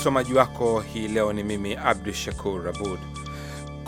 Msomaji wako hii leo ni mimi Abdu Shakur Abud.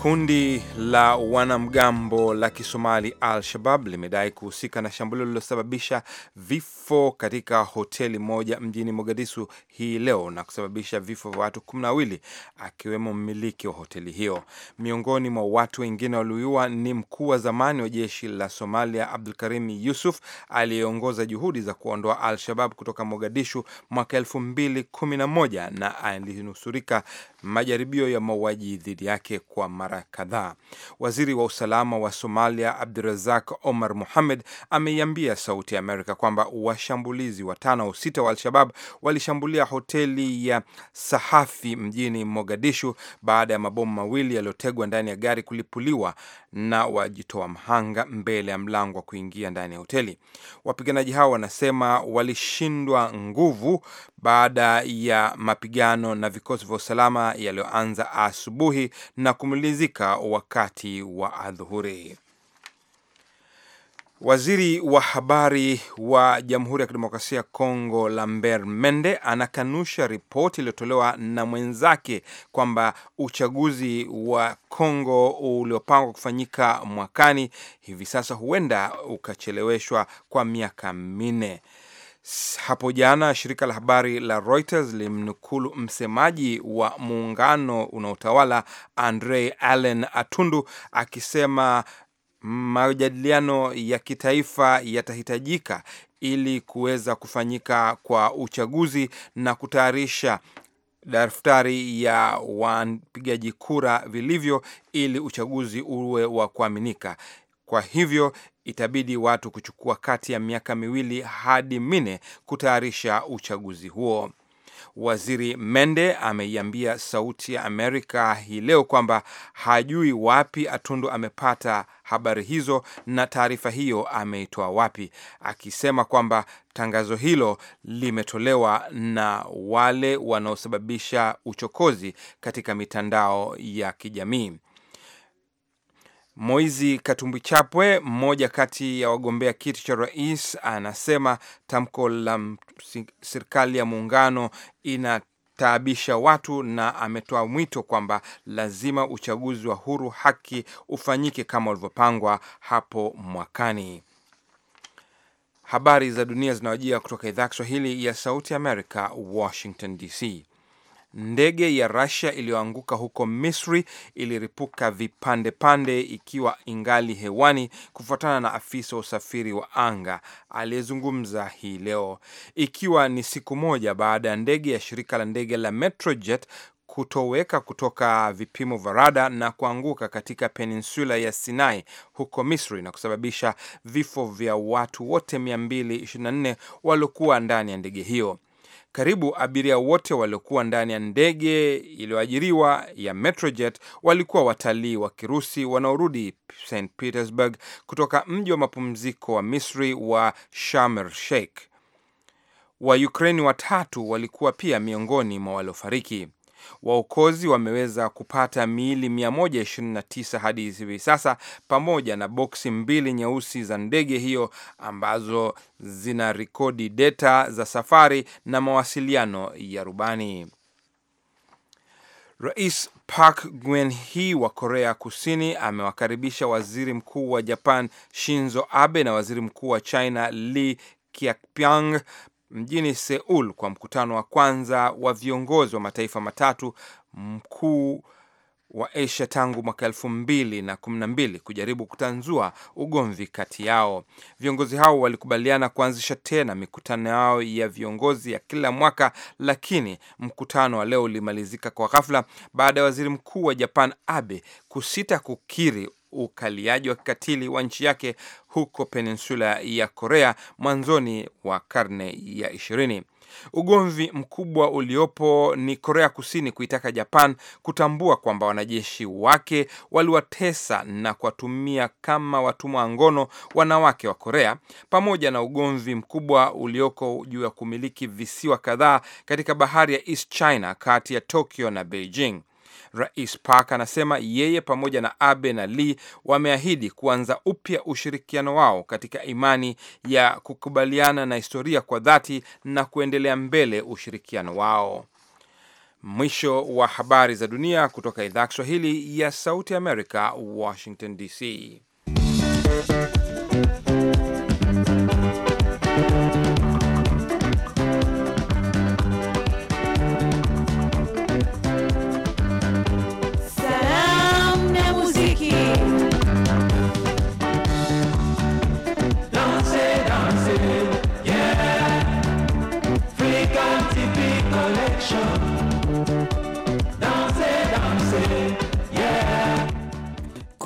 Kundi la wanamgambo la Kisomali Al-Shabab limedai kuhusika na shambulio lililosababisha vifo katika hoteli moja mjini Mogadishu hii leo na kusababisha vifo vya watu kumi na wawili akiwemo mmiliki wa hoteli hiyo. Miongoni mwa watu wengine waliouawa ni mkuu wa zamani wa jeshi la Somalia Abdulkarim Yusuf aliyeongoza juhudi za kuondoa Al-Shabab kutoka Mogadishu mwaka elfu mbili kumi na moja na alinusurika majaribio ya mauaji dhidi yake kwa mara kadhaa. Waziri wa usalama wa Somalia Abdurazak Omar muhamed ameiambia Sauti ya Amerika kwamba washambulizi watano au sita wa Al-Shabab walishambulia hoteli ya Sahafi mjini Mogadishu baada ya mabomu mawili yaliyotegwa ndani ya gari kulipuliwa na wajitoa mhanga mbele ya mlango wa kuingia ndani ya hoteli. Wapiganaji hao wanasema walishindwa nguvu baada ya mapigano na vikosi vya usalama yaliyoanza asubuhi na kumalizika wakati wa adhuhuri. Waziri wa habari wa Jamhuri ya Kidemokrasia ya Kongo Lambert Mende anakanusha ripoti iliyotolewa na mwenzake kwamba uchaguzi wa Kongo uliopangwa kufanyika mwakani hivi sasa huenda ukacheleweshwa kwa miaka minne. Hapo jana shirika la habari la Reuters limnukulu msemaji wa muungano unaotawala Andre Allen Atundu akisema majadiliano ya kitaifa yatahitajika ili kuweza kufanyika kwa uchaguzi na kutayarisha daftari ya wapigaji kura vilivyo ili uchaguzi uwe wa kuaminika. Kwa hivyo itabidi watu kuchukua kati ya miaka miwili hadi minne kutayarisha uchaguzi huo. Waziri Mende ameiambia Sauti ya Amerika hii leo kwamba hajui wapi Atundu amepata habari hizo na taarifa hiyo ameitoa wapi, akisema kwamba tangazo hilo limetolewa na wale wanaosababisha uchokozi katika mitandao ya kijamii. Moizi Katumbi Chapwe, mmoja kati ya wagombea kiti cha rais, anasema tamko la serikali ya muungano ina taabisha watu na ametoa mwito kwamba lazima uchaguzi wa huru haki ufanyike kama ulivyopangwa hapo mwakani. Habari za dunia zinawajia kutoka idhaa ya Kiswahili ya Sauti ya Amerika, Washington DC. Ndege ya Russia iliyoanguka huko Misri iliripuka vipande pande ikiwa ingali hewani, kufuatana na afisa wa usafiri wa anga aliyezungumza hii leo, ikiwa ni siku moja baada ya ndege ya shirika la ndege la Metrojet kutoweka kutoka vipimo vya rada na kuanguka katika peninsula ya Sinai huko Misri na kusababisha vifo vya watu wote 224 waliokuwa ndani ya ndege hiyo. Karibu abiria wote waliokuwa ndani ya ndege iliyoajiriwa ya Metrojet walikuwa watalii wa Kirusi wanaorudi St Petersburg kutoka mji wa mapumziko wa Misri wa Sharm el Sheikh. Ukraini watatu walikuwa pia miongoni mwa waliofariki. Waokozi wameweza kupata miili 129 hadi hivi sasa, pamoja na boksi mbili nyeusi za ndege hiyo ambazo zina rekodi data za safari na mawasiliano ya rubani. Rais Park Geun-hye wa Korea Kusini amewakaribisha waziri mkuu wa Japan Shinzo Abe na waziri mkuu wa China Li Keqiang mjini Seul kwa mkutano wa kwanza wa viongozi wa mataifa matatu mkuu wa Asia tangu mwaka elfu mbili na kumi na mbili kujaribu kutanzua ugomvi kati yao. Viongozi hao walikubaliana kuanzisha tena mikutano yao ya viongozi ya kila mwaka, lakini mkutano wa leo ulimalizika kwa ghafla baada ya waziri mkuu wa Japan Abe kusita kukiri ukaliaji wa kikatili wa nchi yake huko peninsula ya Korea mwanzoni wa karne ya ishirini. Ugomvi mkubwa uliopo ni Korea Kusini kuitaka Japan kutambua kwamba wanajeshi wake waliwatesa na kuwatumia kama watumwa wa ngono wanawake wa Korea, pamoja na ugomvi mkubwa ulioko juu ya kumiliki visiwa kadhaa katika bahari ya East China kati ya Tokyo na Beijing. Rais Park anasema yeye pamoja na Abe na Lee wameahidi kuanza upya ushirikiano wao katika imani ya kukubaliana na historia kwa dhati na kuendelea mbele ushirikiano wao. Mwisho wa habari za dunia kutoka idhaa ya Kiswahili ya Sauti Amerika, Washington DC.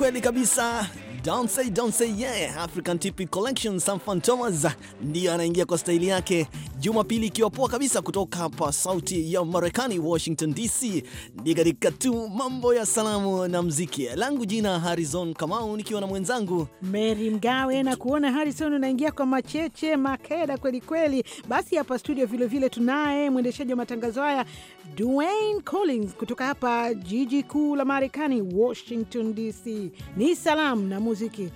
kweli kabisa Don't say, don't say yeah, African Tipi Collection, Sam Fantomas ndiyo anaingia kwa staili yake, Jumapili ikiwa poa kabisa, kutoka hapa sauti ya Marekani, Washington DC. Ni katika tu mambo ya salamu na mziki, langu jina Harrison Kamau, nikiwa na mwenzangu Mary Mgawe na kuona Harrison unaingia kwa macheche makeda kweli kweli. Basi hapa studio vile vile tunaye mwendeshaji wa matangazo haya Dwayne Collins kutoka hapa jiji kuu la Marekani, Washington DC. Ni salamu na muziki.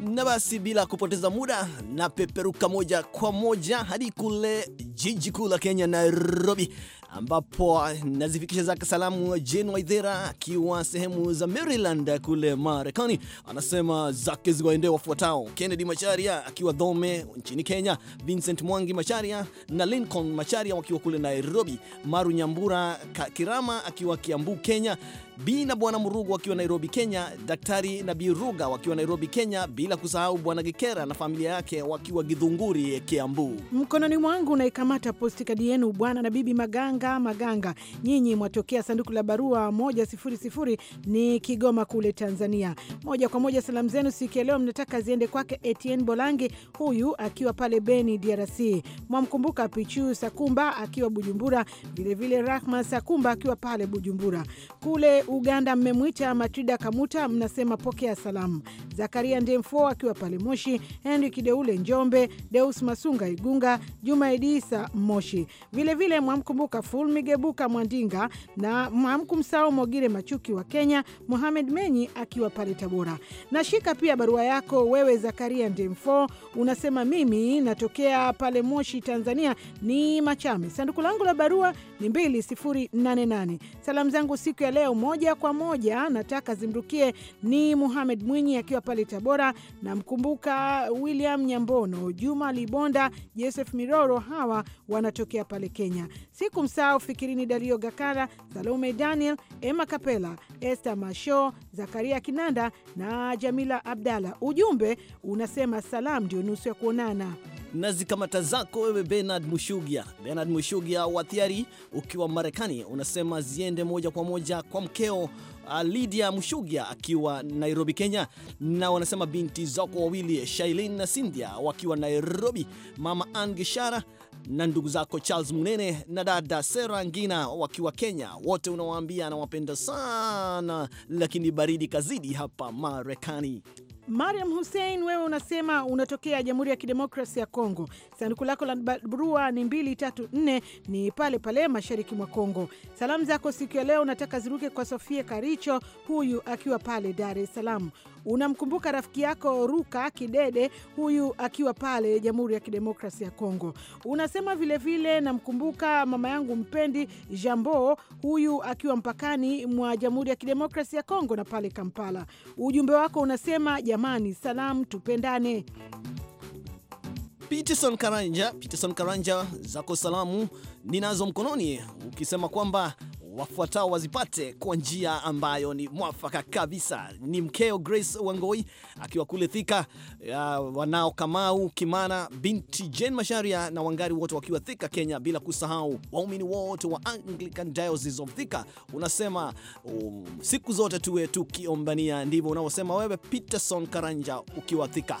Na basi bila kupoteza muda, na peperuka moja kwa moja hadi kule jiji kuu la Kenya, Nairobi, ambapo nazifikisha zake salamu Jane Waithera akiwa sehemu za Maryland kule Marekani, anasema zake ziwaendee wafuatao: Kennedy Macharia akiwa Dhome nchini Kenya, Vincent Mwangi Macharia na Lincoln Macharia wakiwa kule Nairobi, Maru Nyambura Kirama akiwa Kiambu Kenya, b na Bwana Murugu wakiwa Nairobi, Kenya, Daktari na B Ruga wakiwa Nairobi, Kenya, bila kusahau Bwana Gikera na familia yake wakiwa gidhunguri Kiambu. Mkononi mwangu naikamata posti kadi yenu Bwana na Bibi Maganga Maganga, nyinyi mwatokea sanduku la barua 100 ni Kigoma kule Tanzania. Moja kwa moja salamu zenu siku ya leo mnataka ziende kwake Etienne Bolangi, huyu akiwa pale Beni, DRC. Mwamkumbuka Pichu Sakumba akiwa Bujumbura, vilevile Rahma Sakumba akiwa pale Bujumbura kule Uganda mmemwita Matrida Kamuta, mnasema pokea salamu. Zakaria Ndemfo akiwa pale Moshi, Henri Kideule Njombe, Deus Masunga Igunga, Juma Idisa Moshi. Vilevile mwamkumbuka Ful Migebuka Mwandinga na mwamkumsao Mogire Machuki wa Kenya, Muhamed Menyi akiwa pale Tabora. Nashika pia barua yako wewe Zakaria Ndemfo, unasema mimi natokea pale Moshi, Tanzania, ni Machame. Sanduku langu la barua ni 2088. Salamu zangu siku ya leo moja moja kwa moja nataka zimrukie ni Muhamed Mwinyi akiwa pale Tabora, namkumbuka William Nyambono, Juma Libonda, Joseph Miroro, hawa wanatokea pale Kenya. siku Sikumsahau Fikirini Dario Gakara, Salome Daniel, Emma Kapela, Esther Masho, Zakaria Kinanda na Jamila Abdalla. Ujumbe unasema salam ndio nusu ya kuonana na zikamata zako wewe Bernard Mushugia, Bernard Mushugia wa Thiari, ukiwa Marekani, unasema ziende moja kwa moja kwa mkeo uh, Lydia Mushugia akiwa Nairobi, Kenya, na wanasema binti zako wawili Shailin na Cynthia wakiwa Nairobi, mama angishara na ndugu zako Charles Munene na dada Sera Ngina wakiwa Kenya. Wote unawaambia anawapenda sana, lakini baridi kazidi hapa Marekani. Mariam Hussein, wewe unasema unatokea Jamhuri ya Kidemokrasi ya Kongo. Sanduku lako la barua ni 234 ni pale pale mashariki mwa Kongo. Salamu zako siku ya leo unataka ziruke kwa Sofia Karicho, huyu akiwa pale Dar es Salaam. Unamkumbuka rafiki yako Ruka Kidede, huyu akiwa pale Jamhuri ya Kidemokrasi ya Kongo. Unasema vilevile, namkumbuka mama yangu mpendi Jambo, huyu akiwa mpakani mwa Jamhuri ya Kidemokrasi ya Kongo na pale Kampala. Ujumbe wako unasema, jamani, salamu tupendane. Peterson Karanja, Peterson Karanja, zako salamu ninazo mkononi ukisema kwamba wafuatao wazipate kwa njia ambayo ni mwafaka kabisa. Ni mkeo Grace Wangoi akiwa kule Thika, wanao Kamau Kimana, binti Jane Masharia na Wangari, wote wakiwa Thika, Kenya, bila kusahau waumini wote wa Anglican Diocese of Thika. Unasema um, siku zote tuwe tukiombania, ndivyo unavyosema wewe Peterson Karanja ukiwa Thika.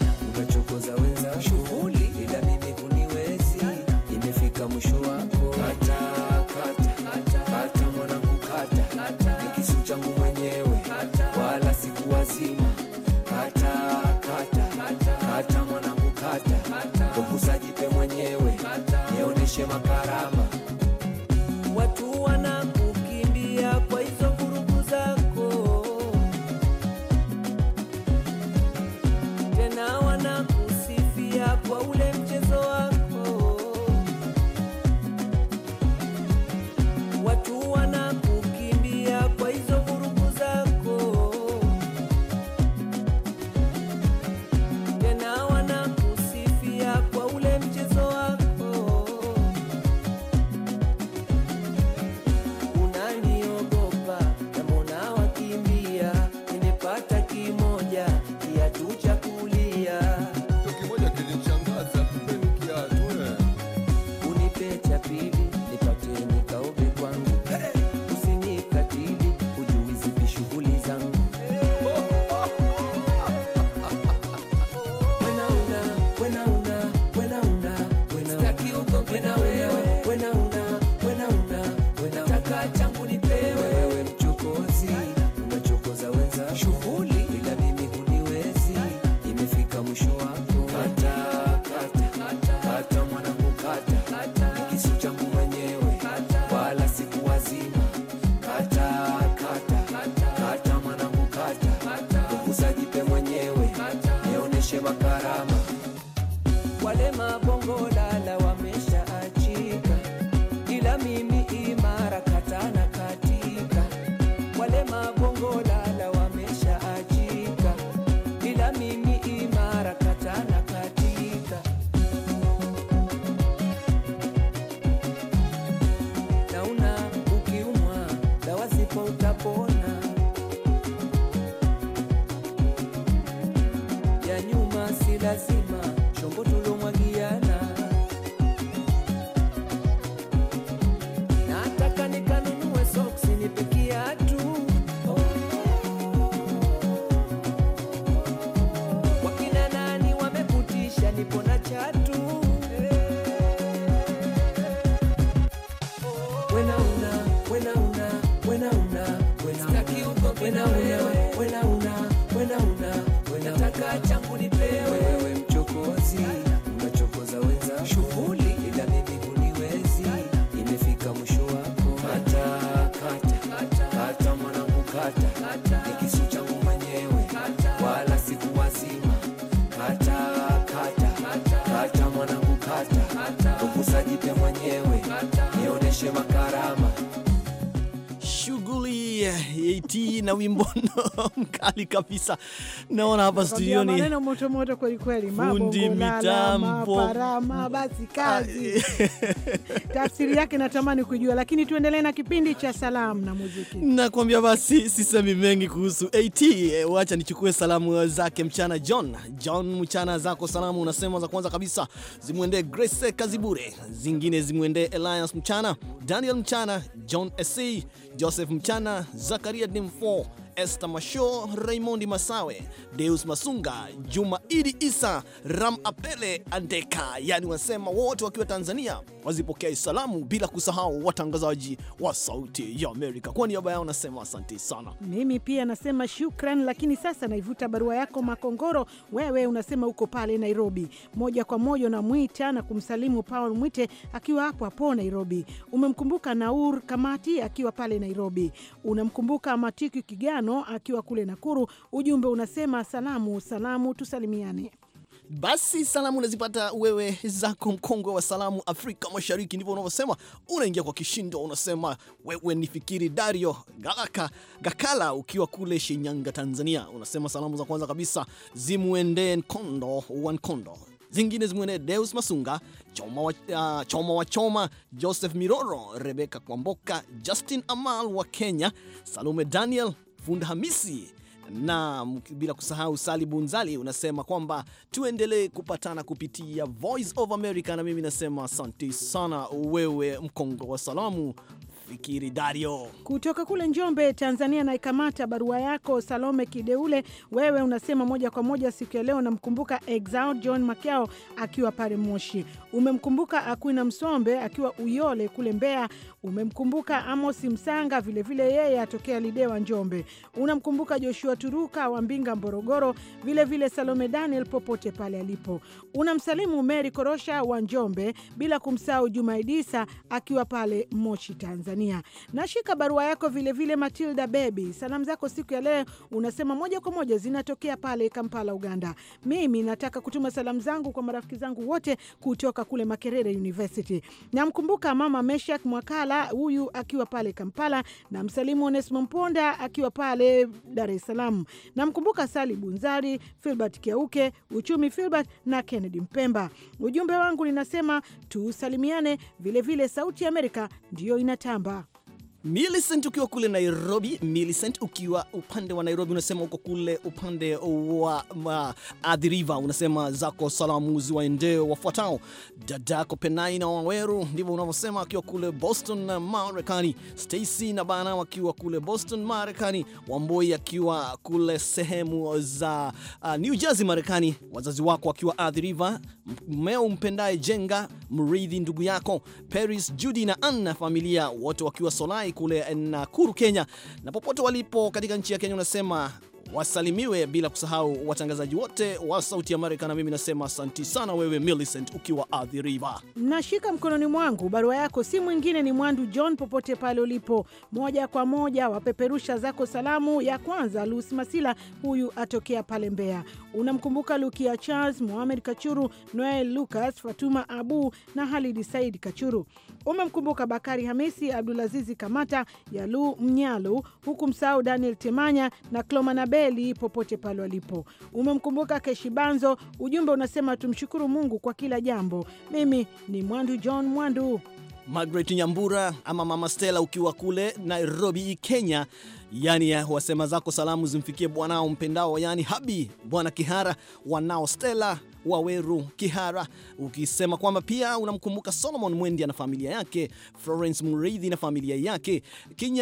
caramba 我从容。Haiti. na wimbo mkali kabisa. Naona hapa studioni maneno moto moto kweli kweli, fundi mitambo parama, basi kazi tafsiri yake natamani kujua, lakini tuendelee na kipindi cha salamu na muziki. Nakwambia basi, sisemi mengi kuhusu AT, e, wacha nichukue salamu zake mchana. John John, mchana zako salamu unasema za kwanza kabisa zimwendee Grace Kazibure, zingine zimwendee Elias mchana, Daniel mchana, John SC, Joseph mchana, Zakaria Dimfo whole Esther Masho, Raymond Masawe, Deus Masunga, Juma Idi Isa, Ram Apele Andeka, yani wasema wote wakiwa Tanzania wazipokea salamu, bila kusahau watangazaji wa Sauti ya Amerika. Kwa niaba yao nasema asante sana. Mimi pia nasema shukran, lakini sasa naivuta barua yako Makongoro, wewe unasema uko pale Nairobi moja kwa moja, unamwita na kumsalimu Paul Mwite akiwa hapo hapo Nairobi. Umemkumbuka Naur Kamati akiwa pale Nairobi, unamkumbuka Matiki Kigano Mkono akiwa kule Nakuru. Ujumbe unasema salamu, salamu, tusalimiane. Basi salamu unazipata wewe zako, mkongwe wa salamu Afrika Mashariki, ndivyo unavyosema. Unaingia kwa kishindo, unasema wewe ni fikiri Dario Galaka Gakala, ukiwa kule Shinyanga, Tanzania. Unasema salamu za kwanza kabisa zimwendee Nkondo wa Nkondo, zingine zimwendee Deus Masunga Choma wa, uh, Choma wa Choma, Joseph Miroro, Rebeka Kwamboka, Justin Amal wa Kenya, Salome Daniel Funda Hamisi na bila kusahau Sali Bunzali, unasema kwamba tuendelee kupatana kupitia Voice of America, na mimi nasema asante sana wewe mkongo wa salamu Fikiri Dario kutoka kule Njombe, Tanzania. Naikamata barua yako Salome Kideule, wewe unasema moja kwa moja siku ya leo namkumbuka Exaud John Makyao akiwa pale Moshi, umemkumbuka Akwina Msombe akiwa Uyole kule Mbeya, umemkumbuka Amosi Msanga vilevile vile yeye atokea Lidewa Njombe, unamkumbuka Joshua Turuka wa Mbinga Morogoro, vilevile Salome Daniel popote pale alipo, unamsalimu Meri Korosha wa Njombe, bila kumsahau Jumaidisa akiwa pale Moshi, Tanzania. Tanzania. Nashika barua yako vilevile vile Matilda Bebi, salamu zako siku ya leo unasema moja kwa moja zinatokea pale Kampala, Uganda. Mimi nataka kutuma salamu zangu kwa marafiki zangu wote kutoka kule Makerere University. Namkumbuka mama Meshak Mwakala, huyu akiwa pale Kampala, na msalimu Onesmo Mponda akiwa pale Dar es Salaam. Namkumbuka Sali Bunzari, Filbert Keuke, Uchumi Filbert na Kennedy Mpemba. Ujumbe wangu linasema tusalimiane, vilevile Sauti ya Amerika ndiyo inatamba Millicent ukiwa kule Nairobi. Millicent ukiwa upande wa Nairobi, unasema uko kule upande wa Athi River, unasema zako salamu ziwaendeo wafuatao: dadako na Waweru, ndivyo unavyosema, akiwa kule Boston na Marekani, Stacy na Bana wakiwa kule Boston Marekani, Wamboi akiwa kule sehemu za uh, New Jersey Marekani, wazazi wako akiwa Athi River, mmeo mpendaye jenga, mridhi ndugu yako Paris, Judy na Anna familia wote wakiwa Solai kule kule Nakuru, Kenya, na popote walipo katika nchi ya Kenya, unasema wasalimiwe, bila kusahau watangazaji wote wa Sauti Amerika. Na mimi nasema asanti sana wewe Millicent ukiwa Athi River. Nashika mkononi mwangu barua yako, si mwingine ni Mwandu John, popote pale ulipo, moja kwa moja wapeperusha zako salamu. Ya kwanza Lusi Masila, huyu atokea pale Mbeya. Unamkumbuka Lukia Charles, Mohamed Kachuru, Noel Lucas, Fatuma Abu na Halidi Said Kachuru. Umemkumbuka Bakari Hamisi, Abdulazizi Kamata, Yalu Mnyalu, huku msahau Daniel Temanya na Clomanabe kweli popote pale walipo. Umemkumbuka Keshibanzo, ujumbe unasema tumshukuru Mungu kwa kila jambo. Mimi ni Mwandu John Mwandu. Margaret Nyambura ama Mama Stella ukiwa kule Nairobi, Kenya, yani eh, wasema zako salamu zimfikie bwanao mpendao, yani Habi, bwana Kihara, wanao Stella Waweru Kihara, ukisema kwamba pia unamkumbuka Solomon Mwendi na familia yake, Florence Murithi na familia yake,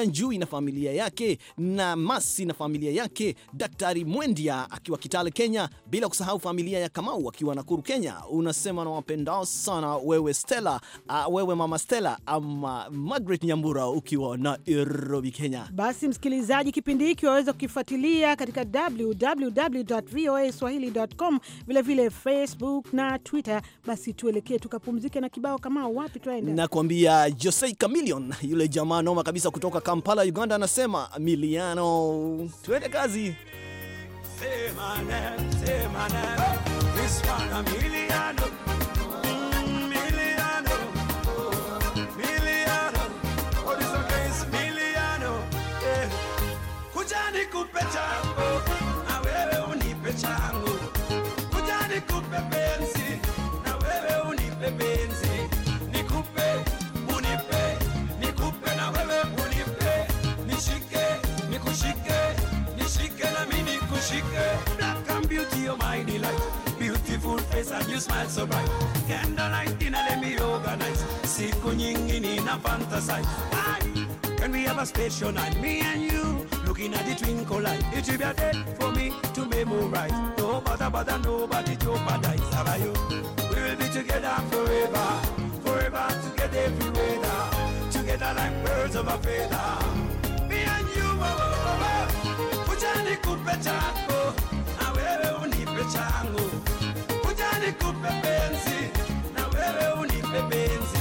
Njui na familia yake, na Masi na familia yake, Daktari Mwendia akiwa Kitale Kenya, bila kusahau familia ya Kamau akiwa Nakuru Kenya. Unasema na wapendao sana wewe Stella, a, wewe mama Stella ama Margaret Nyambura ukiwa Nairobi Kenya. Basi msikilizaji, kipindi hiki waweza kukifuatilia katika www.voaswahili.com vilevile Facebook na Twitter. Basi tuelekee tukapumzike na kibao kama wapi tuende. Nakwambia Jose Chameleone, yule jamaa noma kabisa kutoka Kampala, Uganda, anasema miliano. Tuende kazi. Sema na, sema This one miliano. Eh. unipe penzi, na wewe unipe penzi, nikupe unipe, nikupe na wewe unipe, nishike nikushike, nishike na mimi nikushike. Black and beauty, you're oh my delight. Beautiful face and you smile so bright. Candlelight dinner, let me organize. Siku nyingi nina fantasize. Why? Can we have a special night, me and you? looking at the twinkle light. It should be a day for me to memorize. No matter, but nobody jeopardize. you. we will be together forever, forever together every weather, together like birds of a feather. Me and you, ujani kupe chako, na wewe unipe changu. Ujani kupe penzi, na wewe unipe penzi.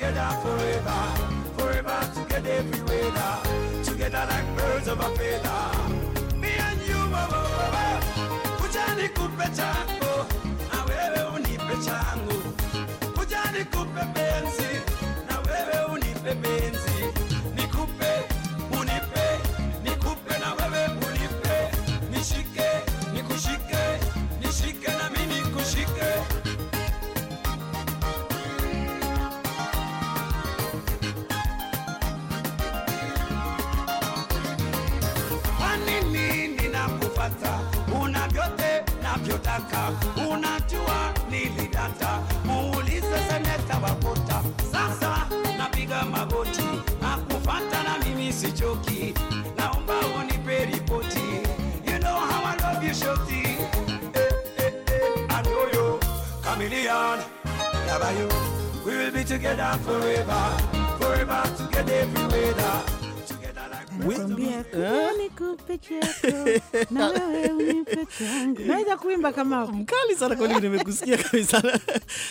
together forever, forever together everywhere, together like birds of a feather. Me and you, mama, oh, mama, oh, oh, kujani kupe chango, na wewe unipe chango, kujani kupe penzi, na wewe unipe penzi. unajua nilidata, muulize seneta Wakota. Sasa napiga magoti na kufata, na mimi sichoki, naomba unipe ripoti. You know how I love you shorty, eh, eh, I eh. know oh, you chameleon, love you. We will be together forever, forever together every Nakwambia eh? nikupe mkali sana kweli, nimekusikia kabisa.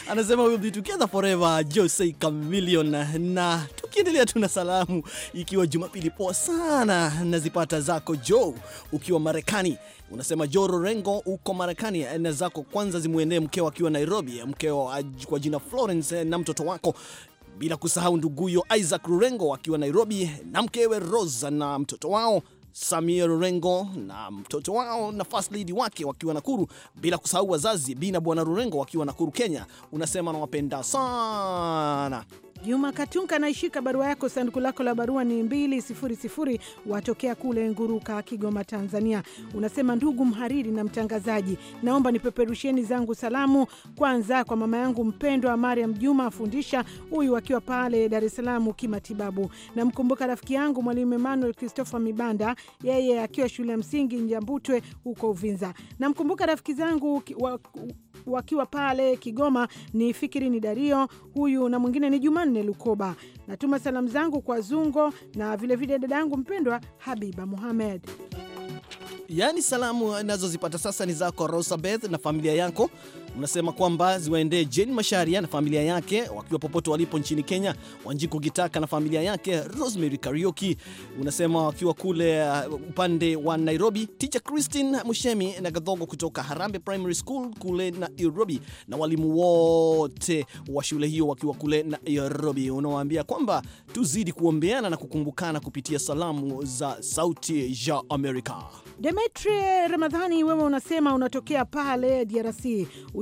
Anasema we'll be together forever, Jose Chameleon. Na tukiendelea, tuna salamu ikiwa Jumapili poa sana nazipata zako Joe ukiwa Marekani. Unasema Joro rorengo uko Marekani na zako kwanza zimwendee mkeo akiwa Nairobi, mkeo kwa jina Florence na mtoto wako bila kusahau nduguyo Isaac Rurengo akiwa Nairobi na mkewe Rosa na mtoto wao Samia Rurengo na mtoto wao na first lady wake wakiwa Nakuru, bila kusahau wazazi Bi na Bwana Rurengo wakiwa Nakuru, Kenya. Unasema nawapenda sana. Juma Katunka anaishika barua yako. Sanduku lako la barua ni sifuri, watokea kule Nguruka, Kigoma, Tanzania. Unasema, ndugu mhariri na mtangazaji, naomba nipeperusheni zangu salamu kwanza kwa mama yangu mpendwa Mariam Juma afundisha huyu akiwa pale Dar es Salaam kimatibabu. Namkumbuka rafiki yangu mwalimu Emmanuel Christopher Mibanda, yeye akiwa shule ya msingi Njambutwe huko Uvinza. Namkumbuka rafiki zangu wa wakiwa pale Kigoma ni Fikiri ni Dario huyu na mwingine ni Jumanne Lukoba. Natuma salamu zangu kwa Zungo na vilevile dada yangu mpendwa Habiba Muhamed. Yaani salamu nazozipata sasa ni zako Rosabeth na familia yako unasema kwamba ziwaendee Jane Masharia na familia yake wakiwa popote walipo nchini Kenya, Wanjiku Gitaka na familia yake, Rosemary Karioki unasema wakiwa kule uh, upande wa Nairobi, Teacher Christine Mushemi na Gadhogo kutoka Harambe Primary School kule Nairobi, na walimu wote wa shule hiyo wakiwa kule Nairobi. Unawaambia kwamba tuzidi kuombeana na kukumbukana kupitia salamu za Sauti ya Amerika. Demetri Ramadhani, wewe unasema unatokea pale DRC.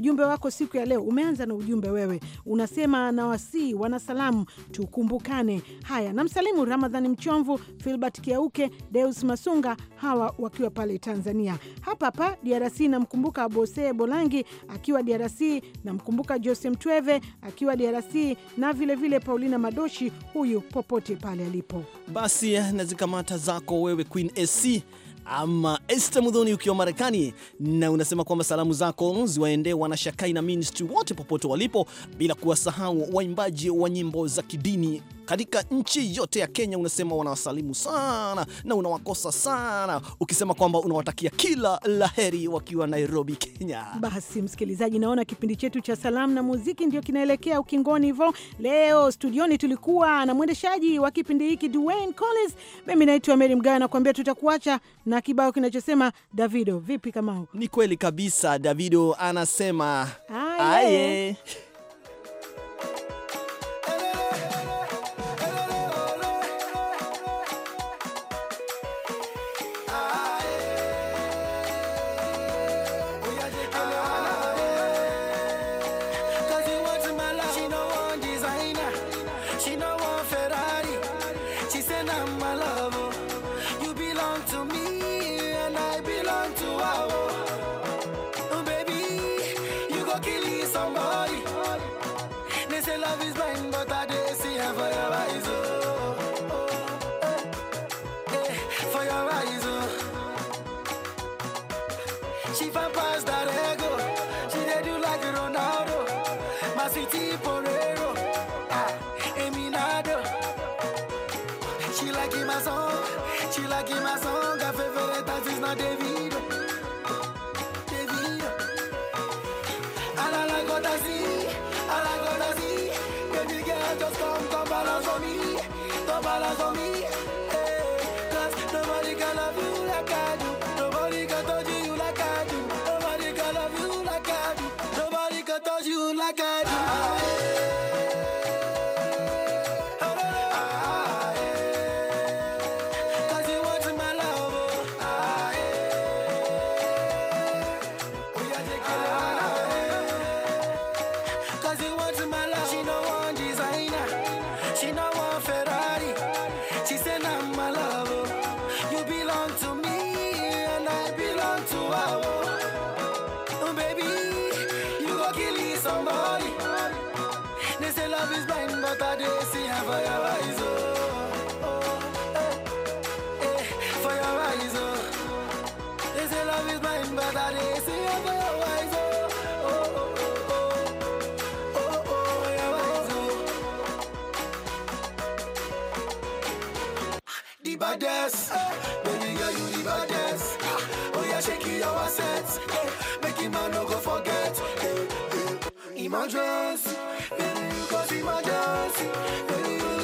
Ujumbe wako siku ya leo umeanza na ujumbe wewe, unasema nawasii wanasalamu, tukumbukane. Haya, namsalimu Ramadhani Mchomvu, Filbert Kiauke, Deus Masunga, hawa wakiwa pale Tanzania. Hapa hapa DRC namkumbuka Bose Bolangi akiwa DRC, namkumbuka Jose Mtweve akiwa DRC na vilevile vile Paulina Madoshi, huyu popote pale alipo. Basi nazikamata zako wewe Queen ama Esther Mudhoni ukiwa Marekani, na unasema kwamba salamu zako ziwaendee wanashakai na ministry wote popote walipo, bila kuwasahau waimbaji wa nyimbo za kidini katika nchi yote ya Kenya, unasema wanawasalimu sana na unawakosa sana, ukisema kwamba unawatakia kila laheri wakiwa Nairobi, Kenya. Basi msikilizaji, naona kipindi chetu cha salamu na muziki ndio kinaelekea ukingoni. Hivyo leo studioni tulikuwa na mwendeshaji wa kipindi hiki Dwayne Collins, mimi naitwa Mary Mgawe na tutakuacha na kibao kinachosema Davido. Vipi kama huko? Ni kweli kabisa, Davido anasema aye, aye. gotta see, all I gotta see. Baby girl, just come, come balance on me, come balance on me. Hey, eh. cause nobody can love you like I do, nobody can touch you. baddest. Hey. you girl, you the baddest. Oh yeah, shaking your assets. Eh, make him man no go forget. Hey. Eh, eh. baby, you cause emergency, baby.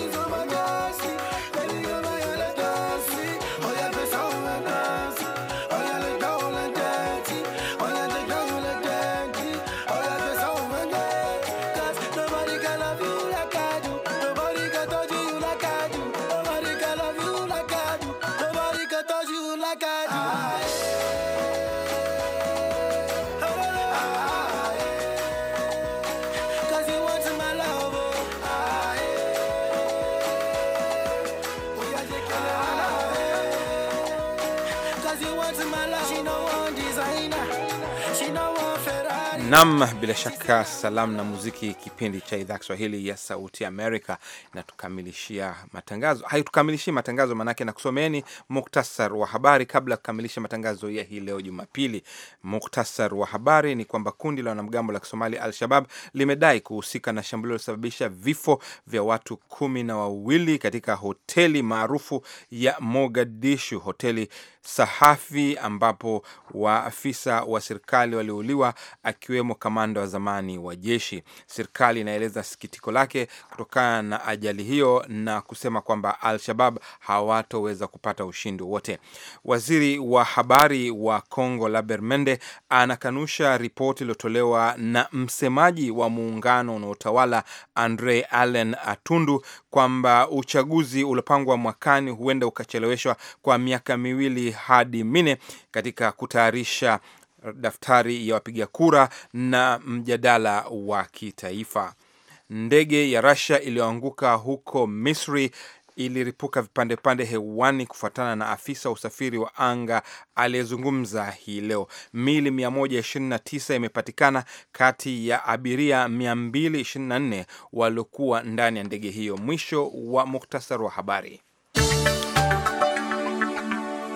Nam, bila shaka salamu na muziki, kipindi cha idhaa Kiswahili ya Sauti Amerika inatukamilishia matangazo. Haitukamilishi matangazo maanake, nakusomeeni muktasar wa habari kabla ya kukamilisha matangazo ya hii leo Jumapili. Muktasar wa habari ni kwamba kundi la wanamgambo la Kisomali Al-Shabab limedai kuhusika na shambulio lilosababisha vifo vya watu kumi na wawili katika hoteli maarufu ya Mogadishu. Hoteli Sahafi ambapo waafisa wa serikali waliouliwa akiwemo kamanda wa zamani wa jeshi. Serikali inaeleza sikitiko lake kutokana na ajali hiyo na kusema kwamba Al-Shabab hawatoweza kupata ushindi wowote. Waziri wa habari wa congo Laber Mende anakanusha ripoti iliyotolewa na msemaji wa muungano unaotawala Andre Allen Atundu kwamba uchaguzi uliopangwa mwakani huenda ukacheleweshwa kwa miaka miwili hadi mine katika kutayarisha daftari ya wapiga kura na mjadala wa kitaifa. Ndege ya Russia iliyoanguka huko Misri iliripuka vipande pande hewani, kufuatana na afisa wa usafiri wa anga aliyezungumza hii leo. Mili 129 imepatikana kati ya abiria 224 waliokuwa ndani ya ndege hiyo. Mwisho wa muktasari wa habari.